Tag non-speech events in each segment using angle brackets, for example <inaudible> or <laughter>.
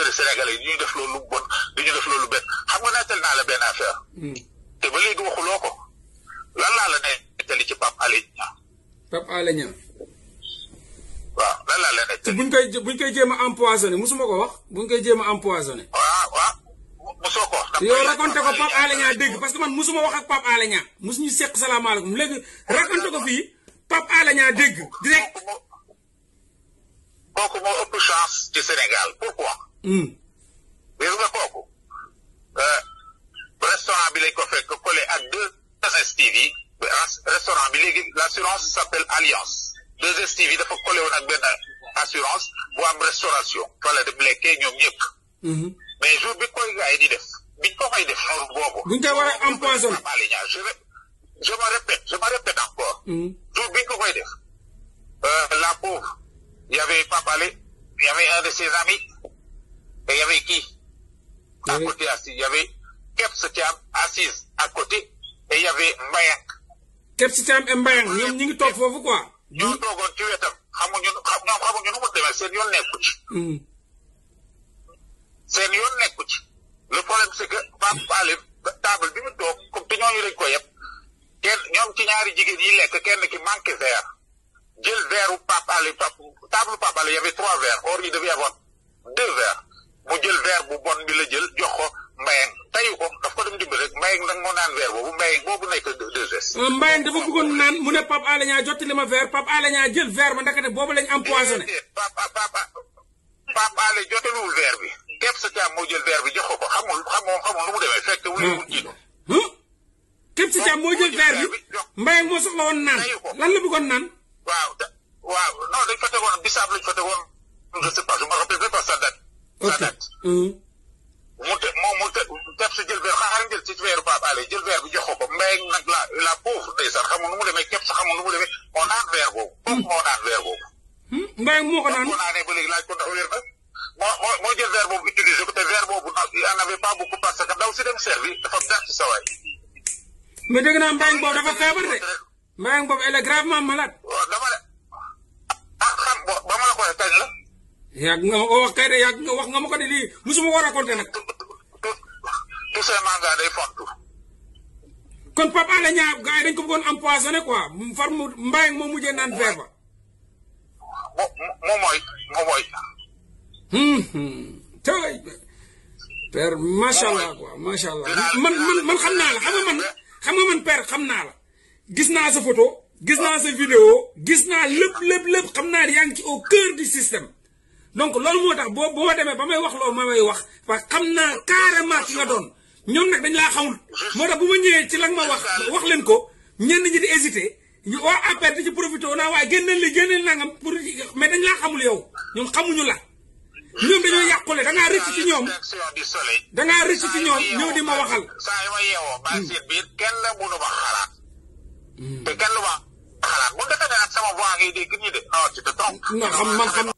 autorités sénégalais yi du ñu def loolu bon du ñu def loolu benn xam nga nettal naa la benn hmm. te ba waxuloo ko lan laa la nettali ci Pape Alé Niang. Pape Alé buñ koy buñ koy jéem a empoisonné musuma ko wax buñ koy jéem a empoisonné. waaw waaw musoo ko wax. yow raconté ko Pape Alé Niang dégg parce que man musuma wax ak Pape Alé Niang musu ñu seq salaamaaleykum léegi raconté ko fii Pape Alé Niang dégg direct. kooku moo ëpp chance ci Sénégal pourquoi. mais hmm. nga kooku euh, bi lañ ko fekk collé ak deux STV restaurant bi léegi l' assurance s'appelle dafa collé woon ak benn assurance hmm. mais jour bi je me répète je me répète encore hmm. jour biñ ko koy def euh, la pauvre y avait Papalé y avait un de ses amis Et il y avait qui À oui. côté assis. Il y avait à côté. Et il y avait Mbayank. Keps Thiam et Mbayank ñoom ñu toog foofu quoi. ñoo toogoon ci wetam xamuñu ñoom nu mu demee seen yoon nekku hmm. seen yoon nekku ci. le problème c'est que Pape table bi mu toog comme te ñooñu ko yeb kenn ñoom ci ñaari jigéen yi lekk kenn ki manqué verre jël verre u Pape table Pape Alé y trois verres or il devait y avoir mu jël verre bu bon bi la jël jox ko mbayang tayu ko daf ko dem dimbali rek mbayang nag moo naan verre boobu mbayang boobu nekk deux S. Euh, mbayang dafa bëggoon naan mu ne Pape Alé Niang jottali ma verre Pape Alé Niang jël verre ba ndakate boobu lañ empoisonné. Eh, eh, eh, Pape Pape Pape Alé jottaliwul bi. képp sa moo jël verre bi jox ko ko xamul xamul xamul lu mu demee fekk. wala wut jiitu. képp sa caam moo jël verre bi mbayang moo soxla woon naan lan la bëggoon naan. waaw waaw non dañ fa tegoon mu te moom mu te def si jël verre xaaral jël ci verre Pape Alé jël verre bi jox ko ko mbéy nag la la pauvre ndeysaan xamul nu mu demee képp sa xamul nu mu demee moo naan verre boobu. kooku moo naan verre boobu. Hmm? mbéy moo ko naan moo naanee ba léegi laaj ko ndax wér na moo moo jël verre boobu utilisé ko te verre boobu il en avait pas beaucoup parce que ndaw si dem servi dafa gàtt sa waay. mais dégg naa mbéy boobu dafa feebar de. mbéy boobu elle est gravement malade. yàgg wax kay de yàgg wax nga ma ko de lii musuma ko raconté nag. tout Souleymane Dia day fontu. kon Pape Alé Niang gars yi dañ ko bëggoon moo mujjee naan verre ba. moom mooy moom mooy. Hmm, hmm. tey père macha allah quoi man man man xam naa la xam nga man xam naa la gis naa si photo gis naa sa vidéo gis naa lépp lépp lépp xam naa ne yaa ngi ci au cœur du système. donc loolu moo tax boo boo demee ba may wax loolu ma may wax parce que xam naa carrément ki nga doon ñoom nag dañ laa xamul moo tax bu ma ñëwee ci la ma wax wax leen ko ñenn ñi di hésité ñu waa APR di ci profité naa waaye génneel li génneel nangam pour mais dañ laa xamul yow ñoom xamuñu la ñoom dañoo yàqule da ngaa rëcc ci ñoom da ngaa rëcc ci ñoom ñëw di ma waxal. ma yeewoo Basir hmm. biir kenn mënu ma xalaat. Hmm. te kenn ma xalaat bu dee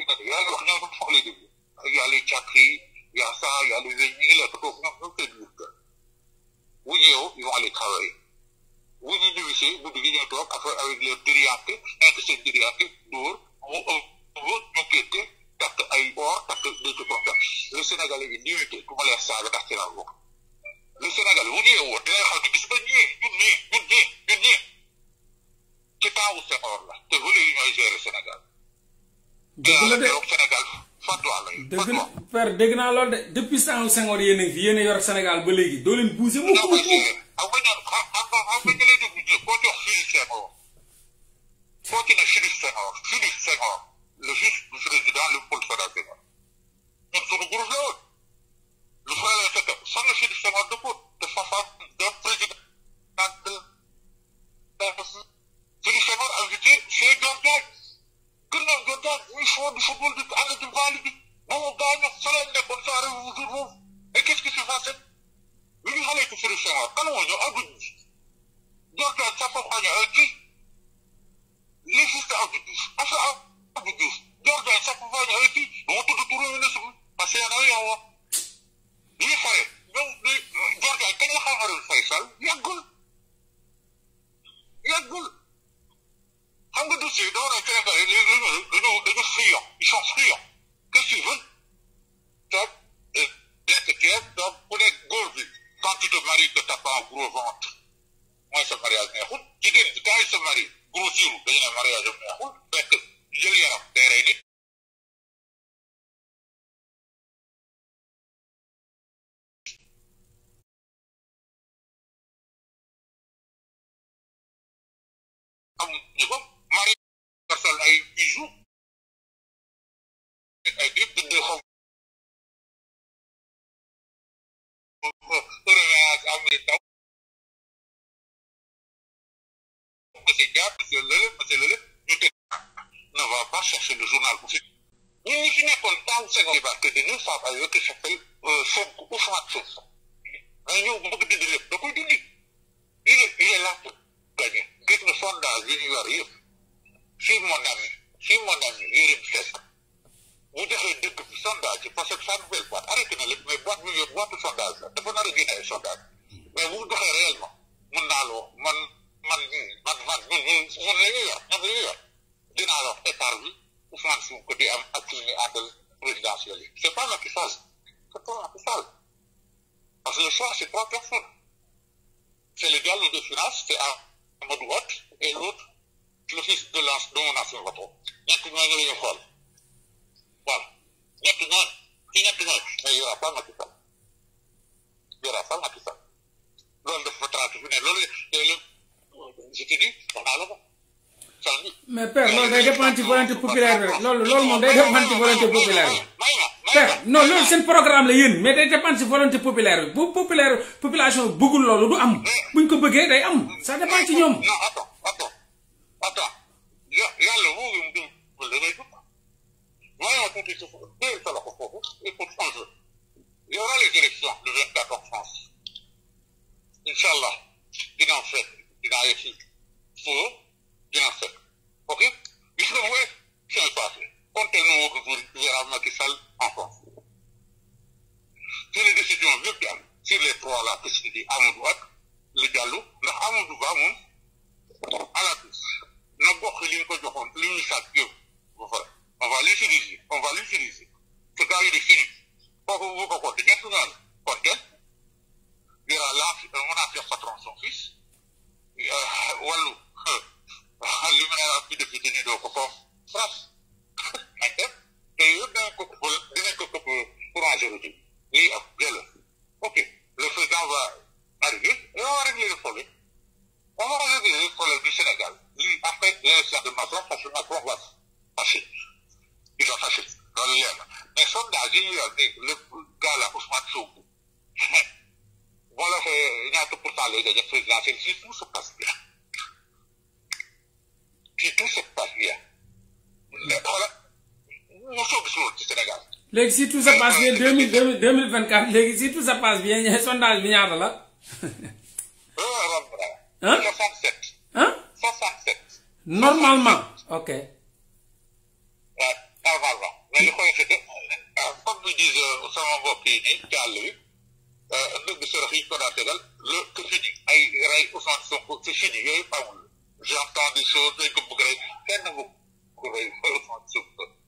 yi nekk y' a yoo xam ne moom foofu lay déglu y' a les càkk yi y' a ça y' a les ñu ngi la foofu ñoom ñoom seen biir kër bu ñëw ils vont aller travailler takk ay or takk des trucs comme le Sénégalais bi limité ku ma leer saaga tax ci laa le Sénégal bu ñu yeewoo dinañ xam ne gis nga ñii ñun ñii ñun ñii ñun te relais yi ñooy gérer Sénégal. dëgg la de Sénégal fatwa la dëgg la père dégg naa loolu de depuis temps Senghor yéen a fi yéen Sénégal ba léegi doo leen bougé mukk mukk mukk aw nga ñaan xam ne Philippe Senghor Philippe Senghor le juge buntu 不解脱了，这样的人人人人人人黑啊，一上黑啊，跟水分，咱呃那个点咱不能过去，把这个马里给他把骨肉放，我是马里亚人，我今天刚是马里骨肉肌肉，今天马里亚人，我那个。ഒരു അവര് c'est le, c'est le, ne va pas chercher le journal pour faire. de ce débat, que de nous savons que ça fait euh, son ou son action. Mais nous, beaucoup de délais. Donc, il dit, il est, il est là pour gagner. Dites le sondage, il y a rien. Si mon ami, si mon ami, il est une bu defee dëkk bi sondage parce que saa nouvelle boîte arrêté na lépp mais boîte bi yëpp boîte sondage la dafa nar ay sondage mais bu doxee réellement mun naa man man man man man man la ñuy yor ñoom la ñuy yor dinaa la wax écart bi Ousmane am ak suñu àndal présidentiel yi c' pas Macky Sall c' est que le choix est le dialogue de finance c' est Amadou Hott et l' autre le fils de l' ancien de mon ancien patron ñett ñooñu la ñu xool. waaw ñetti noonu ci ñetti noonu mais Yora Fall Macky Sall Yora Fall ne loolu je te dis wax naa la ko mais père loolu day dépendre ci volonté populaire bi rek loolu loolu moom day dépendre ci volonté populaire bi. père non loolu seen programme la yéen mais day dépendre ci volonté populaire bu populaire population bëggul loolu du am buñ ko bëggee day am ça dépend ci ñoom. non bayağı bir bir France <coughs> ak te yëpp dinañ ko këpp dinañ ko këpp pour en majorité lii ok le président va arriver et on va régler le on va régler le Sénégal lii après de Macron parce que Macron va passer il va passer loolu leer mais sondage yi le gars là Ousmane Sonko boo la fee ñaata pour cent lay dajale présidentielle léegi si tout ça passe bien deux mille deux mille vingt quatre léegi si tout ça passe bien sondage bi ñaata la. ah. ah. normalement. ok. ndëgg euh, euh, sërëx yi ñu ko daan tegal loolu c'est fini ay rey Ousmane Sonko c'est fini yooyu amul j'ai entendu chose dañ ko bëgg rey kenn nga ko rey Ousmane Sonko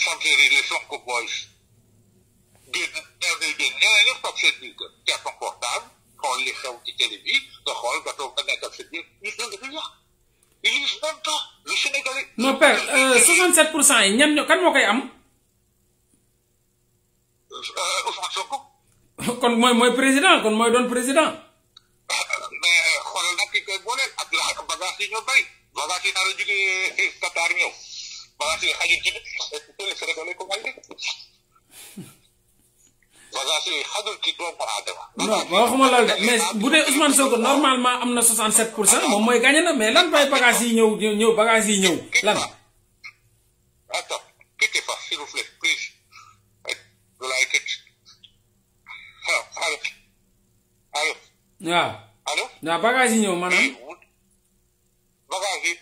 samtidig Sonko boys génn ñaar ngay génn ñeneen ñëpp toog seen biir kër jàpp portable xool li xew ci télé bi nga xool nga toog nga nekk ak sa biir ñu pour cent yi ñan kan moo koy am. kon mooy mooy président kon mooy doon président. mais xoolal ki koy booleel ak la bagage yi ñoo bëri bagage yi nar a jógee Bagaasii xajul ci télé Sénégal yi comme ay bagaas yooyu xajul mais bu dee Ousmane Sonko normalement am na 67 pour cent moom mooy gagné na mais lan bay bagages yi ñëw ñëw bagages yi ñëw lan. attends waaw. allo waaw yi ñëw maanaam. bagages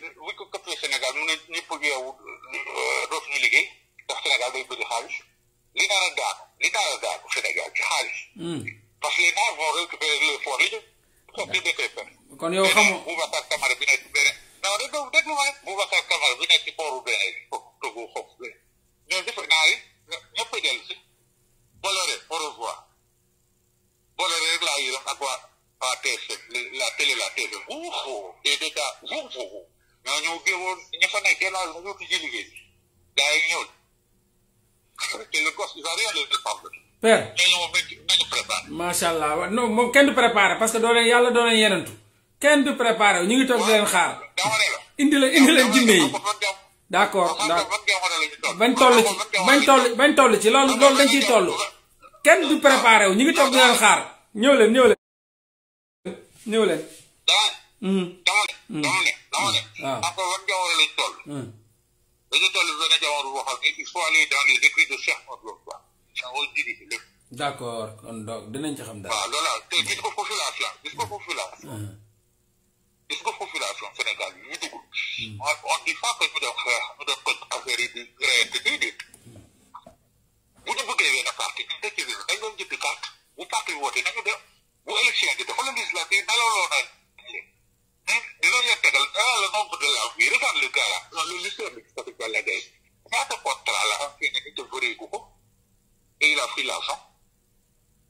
dootuñu liggéey ndax Sénégal day bëri xaalis li naan a daanu li naan a daanu Sénégal ci xaalis. Hmm. parce que les Noirs vont récupérer le fort li ñu. kon yow xam nga Boubacar Camara bi nekk beneen non de donc dégg nga Boubacar Camara bi nekk ci pooru beneen Togo xof bi ñoom defe naa yi ñëpp a dellu si Bolloré au revoir Bolloré rek laa yoroon ak waa waa TFM la télé la TFM wuuxoo et déjà wuuxoo ñoo ñëw géwoon ña fa nekk <laughs> allah non moom kenn du préparé parce que doo yàlla doo leen yenantu kenn du préparé ñu ngi toog di leen xaar indi leen indi leen jinne yi d'accord bañ toll bañ toll bañ toll ci loolu loolu dañ ciy toll kenn du préparé ñi ñu ngi toog di leen xaar ñëw leen ñëw leen dama ne. waaw encore wan jamono lañ toll. Hmm. dañu toll benn jamono boo xam ne il faut de dinañ ci xam dara. loolu la te gis nga population gis nga population. Hmm. Sénégal yi ñu dugg. Hmm. on dit pas que ñu def xeex ñu def ko affaire yi di reyante déedéet. bu ñu bëggee benn parti ñu dëkk bi dañ doon jënd carte bu parti wootee nañu dem bu élection bi dafa la législative dalaloo dina la tegal le nombre de la vie regarde le gars là le lycée de Fatick Balla Gaye ñaata contrat la am fii nii te vëree ko ko et il a pris l'argent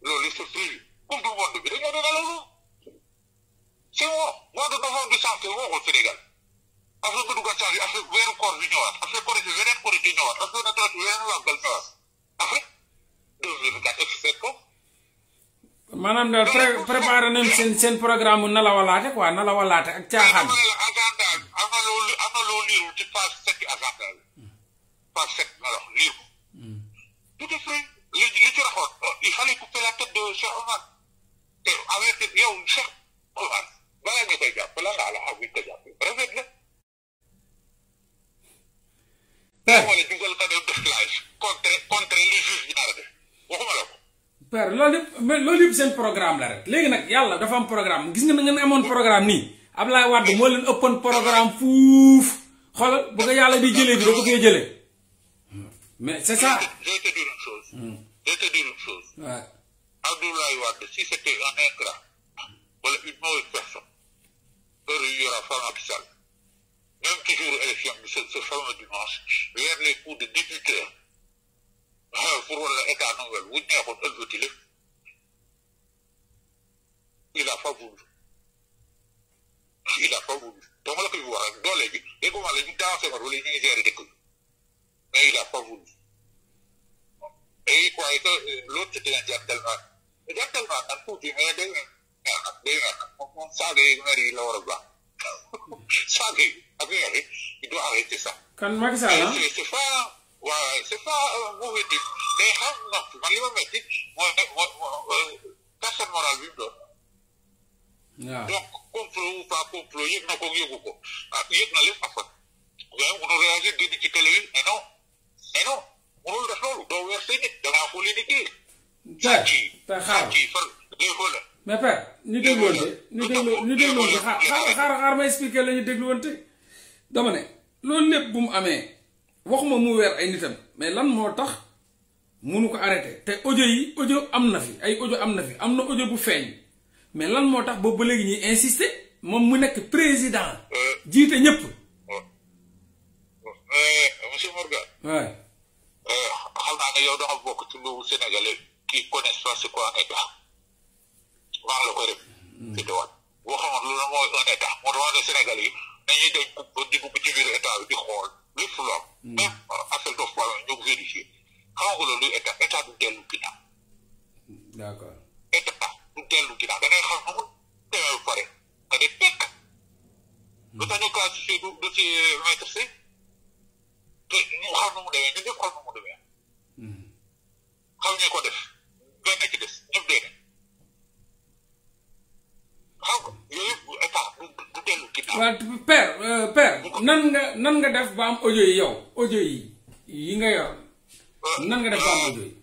loolu c'est prévu coupe du monde bi dañoo dina loolu c'est bon mois de novembre bi sànq waxul Sénégal affaire bu dugg a changé affaire weeru koor bi ñëwaat affaire korite weneen korite ñëwaat affaire natt weneen wàggal ñëwaat affaire deux mille quatre et sept ko maanaam daal pré préparé nañ seen seen programme mu nalawalaate quoi nalawalaate ak caaxaan. am na loo am na loo liiru ci phase sept agenda bi phase sept alors liir ko. tout à fait li li ci raxoon oh, il fallait couper la tête de Cheikh Omar te avec yow Cheikh Omar balaa nga koy jàpp balaa ngaa la xam nga koy jàpp rafet na. tey boo xoolee dugal ko def live contre contre li juge ñaar de waxuma la ko. père loolu yëpp loolu yëpp seen programme la rek léegi nag yàlla dafa am programme gis nga na ngeen amoon programme nii Ablaye Wade moo leen ëppoon programme fuuf xoolal bu yàlla di jëlee bi da ko fee jëlee mais c'est ça. Je vais te dire une chose. Hmm. Je si c'était un ingrat wala une mauvaise personne, heure yu yor affaire Macky Sall, même bi ce waaw <clears throat> pour wala a nouvelle bu neexoon ëllëgati la il a pas voulu il a pas voulu donc la koy wax rek doole bi léegi moom la ñu dansé wala ñu ngi gérer dëkk bi il a pas voulu et il croyait que euh, l'autre c'était un gentleman te gentleman nag tuuti mais day neex nag day neex nag moom moom saaga yi mer yi la war a baax saaga yi ak mer yi il doit arrêter ça. kan Macky Sall ah c'est waaw c' est pas un mauvais type day xam ndax mais non mais non mënul def loolu doo da ngaa xaar xaar xaar ma expliqué la dama ne loolu lépp bu mu amee. waxuma mu weer ay nitam mais lan moo tax munu ko arrêté te audio yi audio am na fi ay audio am na fi am na audio bu feeñ mais lan moo tax boobu ba léegi ñuy insisté moom mu nekk président jiite ñëpp. monsieur Morgan. waaw. xam yow da nga bokk ci lu Sénégalais qui connaissent pas c'est quoi état maa la ko rek. boo xamoon loolu mooy un état moo tax Sénégalais yi dañuy dem di dugg ci biir état bi di xool même appel d'offre wala ñoo ko vérifié xanaa ko loolu état état du dellu ginnaaw. Mm. d'accord du dellu ginnaaw da ngay xam amul teewaayu pare nga def tekk. Mm. lu tax ñu classifié du du ci mètre si te xam nu mu demee ñu ñëpp xam nu mu demee. Mm. xam ñu ko def. waaw père euh, père nan nga nan nga def ba am audio yow audio yi nga yor euh, nan nga def ba am audio euh,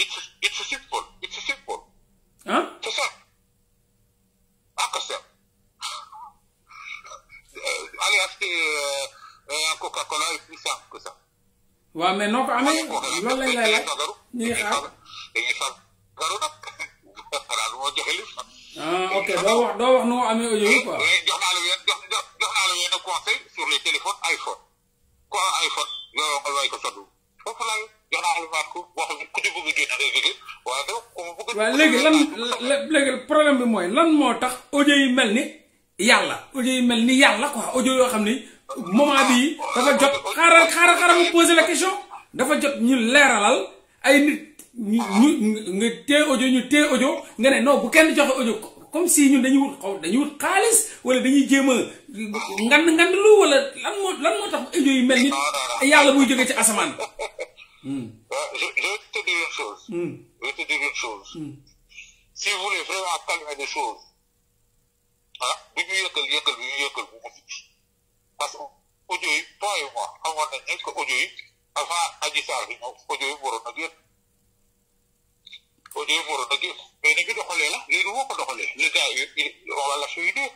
it's it's simple it's simple. ah waaw mais noo ko amee lay laaj ñu <laughs> ah ok doo wax doo wax noo amee audio yi ah. la yéen jox jox am iPhone yow nga waay ko soddu foofu laay la baat ko wax ku ci bëgg génn day bëgg waaye doo ko bëgg. waaw léegi lan léegi problème bi mooy lan moo tax audio yi mel ni yàlla audio yi mel ni yàlla quoi audio yoo xam ni moment bii dafa jot ah, ah, xaaral xaaral xaaral mu posé la question dafa jot ñu leeralal. ay nit ñu nga téye audio ñu téye audio nga ne non bu kenn joxe audio comme si ñun dañuy wut xaw dañuy wut xaalis wala dañuy jéem a ngand ngand lu wala lan moo lan moo tax audio yi mel ni yàlla buy jógee ci asamaan. Hmm. Euh, je vais te dire une chose. Hmm. je vais te dire une chose. Hmm. si vous voulez vraiment calmer les choses ah bi ñu yëkkal yëkkal bi ñu yëkkal bu ko parce que audio yi pas yu ma xamoon nañ ne que audio yi. avant Adji Sarr bi ñëw audio yi waroon na génn audio yi waroon na génn mais ni ñu doxalee la léegi woo ko doxalee le gars yi on va l'affluider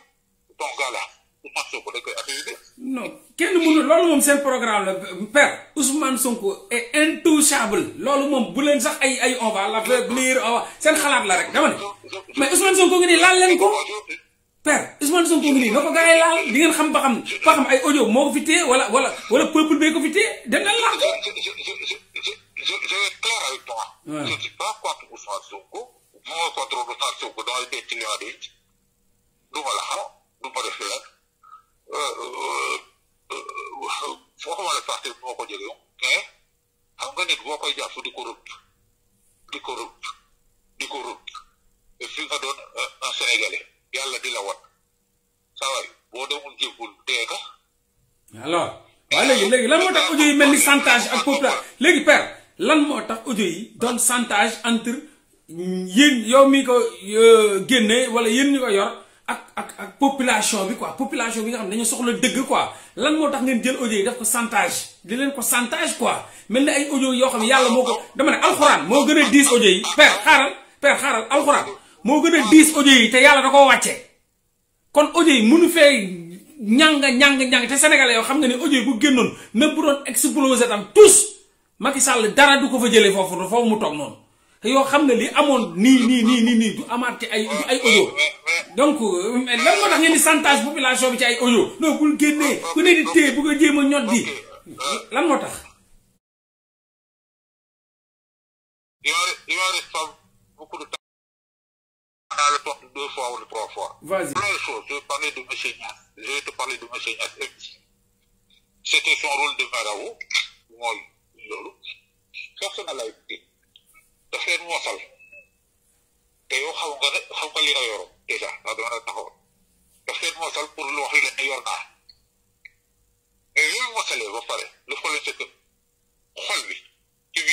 donc voilà Ousmane Sonko dañ koy affluider. non kenn mënul loolu moom seen programme la père Ousmane Sonko est intouchable loolu moom bu leen sax ay ay on va l'affaiblir seen xalaat la rek dama ne mais Ousmane Sonko ngi nii laal leen ko. père Ousmane Sonko ngi nii na ko gars yi di ngeen xam ba xam ba xam ay audio moo ko wala wala wala peuple bee ko fi téye dem na laal ko. je je je je je je vais ma la xam du ma def lépp euh, euh, euh, foo ko mën a fàtte moo ko jëlee mais xam nga nit boo koy jàpp di ko rëbb di ko rëbb di ko rëbb fi nga doon un Sénégalais. yàlla di la wat saway boo demul jéggul dee léegi léegi lan moo tax audio yi mel ni chantage ak popula léegi père lan moo tax audio yi doon chantage entre yéen yow mi ko euh, génne wala yéen ñu ko yor ak ak ak population bi quoi population bi nga xam ne dañu soxla dëgg ko lan moo tax ngeen jël audio yi def ko chantage di leen ko chantage quoi mel ni ay audio yoo xam ne yàlla moo ko dama ne alxuraan moo gën a diis audio yi père xaaral père xaaral alxuraan moo gën a diis audio yi te yàlla da koo wàcce kon audio yi mënu fee ñanga ñang ñang te sénégalais yoo xam nga ne audio yi bu génnoon même bu doon explosé tam tous Macky Sall dara du ko fa jëlee foofu foofu mu toog noonu te yoo xam ne li amoon nii nii nii nii nii du amaat ci ay ay audio donc lan moo tax ngeen di chantage population bi ci ay audio non bul génnee ku ne di téye bu ko jéem a ñot lan moo tax. à le porte deux fois ou trois fois. Je parler de M. Je vais te parler de M. Nias. C'était son rôle de marabout. Moi, loolu. Personne n'a été. daf leen te yow xam nga li nga yoroon déjà nga doon a taxaw. daf leen mosal pour lu wax li leen yor naa. mais yooyu mosalee ba pare le problème c'est que xol bi ci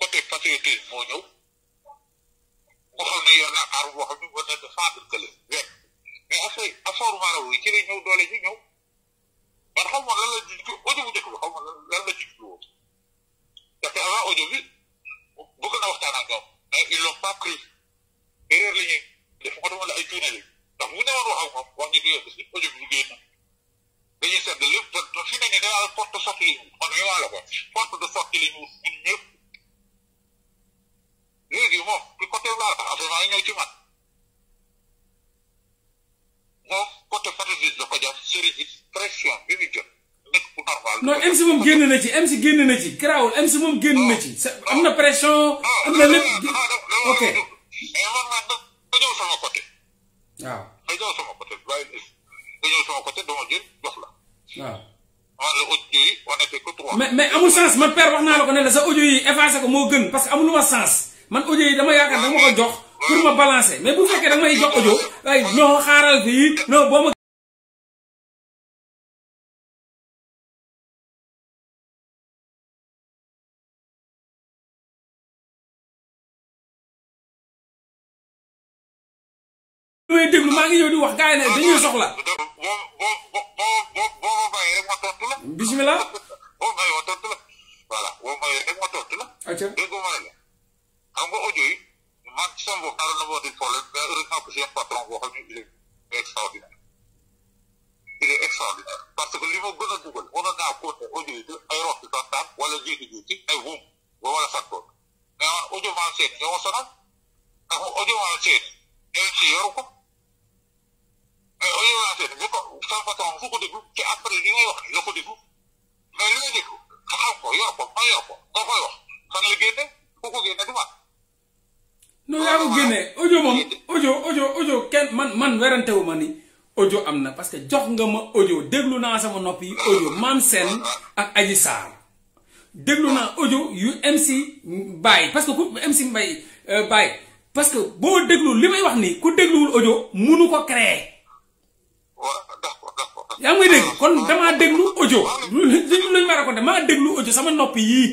côté patriotisme moo ñëw. waxoon na yor naa xaar waxoon ñu ne de fàttali kële rek mais affaire affaire maraw yi ci la ñëw doole ji ñëw man xaw ma lan la ji ci audio bu njëkk bi xaw ma lan la ji ci woon parce que avant audio bi bëgg na waxtaan ak ñoom mais ils l'ont pas pris erreur la ñuy def ko demoon la ay cuune lañ ndax bu newoon wax ak moom wax nga dëgg yëpp audio bi du génn dañuy seetlu lépp ba fi ne nii da ngaa la porte de sortie li ñu on est la quoi porte de sortie li ñu ñun ñëpp. léegi moom ci côté laa la affaire yi moom côté Fatick bi la ko jàpp série pression bi mu moom génn na ci MC génn na ci garaawul MC ci. am na pression am na lépp. ok mais man man nga ñëw la. waaw. mais mais amul sens man père wax naa la ko ne la sa audio yi effacé ko moo gën parce que amul lu ma sens. man audio yi dama yaakaar dama ko jox pour ma balancer mais bu fekkee danga may jox audio ay non xaaral ma may maa ngi ñëw di wax gars yi ne dañuy soxla bismillah xam nga audio yi man ci sama bopp xaaral na ma di problème mais heureusement que seen patron boo xam ne il est extraordinaire il est extraordinaire parce que li ma gën a dugal mënoon naa compter audio yi ay rox yu kontaan wala jékki-jékki ay wum ba wala fàttoon mais man audio maa seet yow a sonal parce que audio maa seet yow ci yoru ko mais audio maa seet bu ko sama patron fu ko déglu ci après li ngay wax ko déglu mais li nga déglu nga xam ko yor ko ma yor ko nga koy ko génne noonu yaa ko génnee audio moom audio audio audio kenn man man werante wu ma ni audio am na parce que jox nga ma audio déglu naa sama nopp yi audio Maam Sène ak Adji Sarr déglu naa audio yu MC Baye parce que ku MC Mbaye euh, Baye parce que boo déglu li may wax nii ku dégluwul audio munu ko créer yaa ngi dégg kon damaa déglu audio lu lañ ma raconté maa déglu sama nopp yii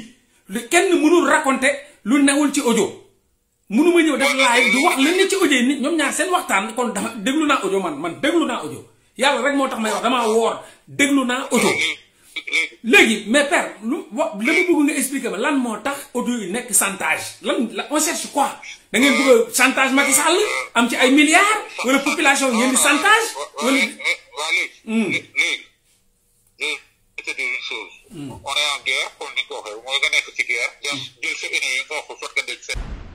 kenn mënul raconté lu newul ci audio mënu ma ñëw def live du wax leen ni ci audio nit ñoom ñaar seen waxtaan kon dafa déglu naa audio man man déglu naa audio yàlla rek moo tax may wax damaa woor déglu naa audio léegi mais père lu wa la ma bëgg nga expliquer ma lan moo tax ojo yi nekk chantage lan la on cherche quoi da ngeen bëgg a chantage Macky am ci ay milliards wala population ngeen di chantage wala. on est en guerre comme ni ko waxee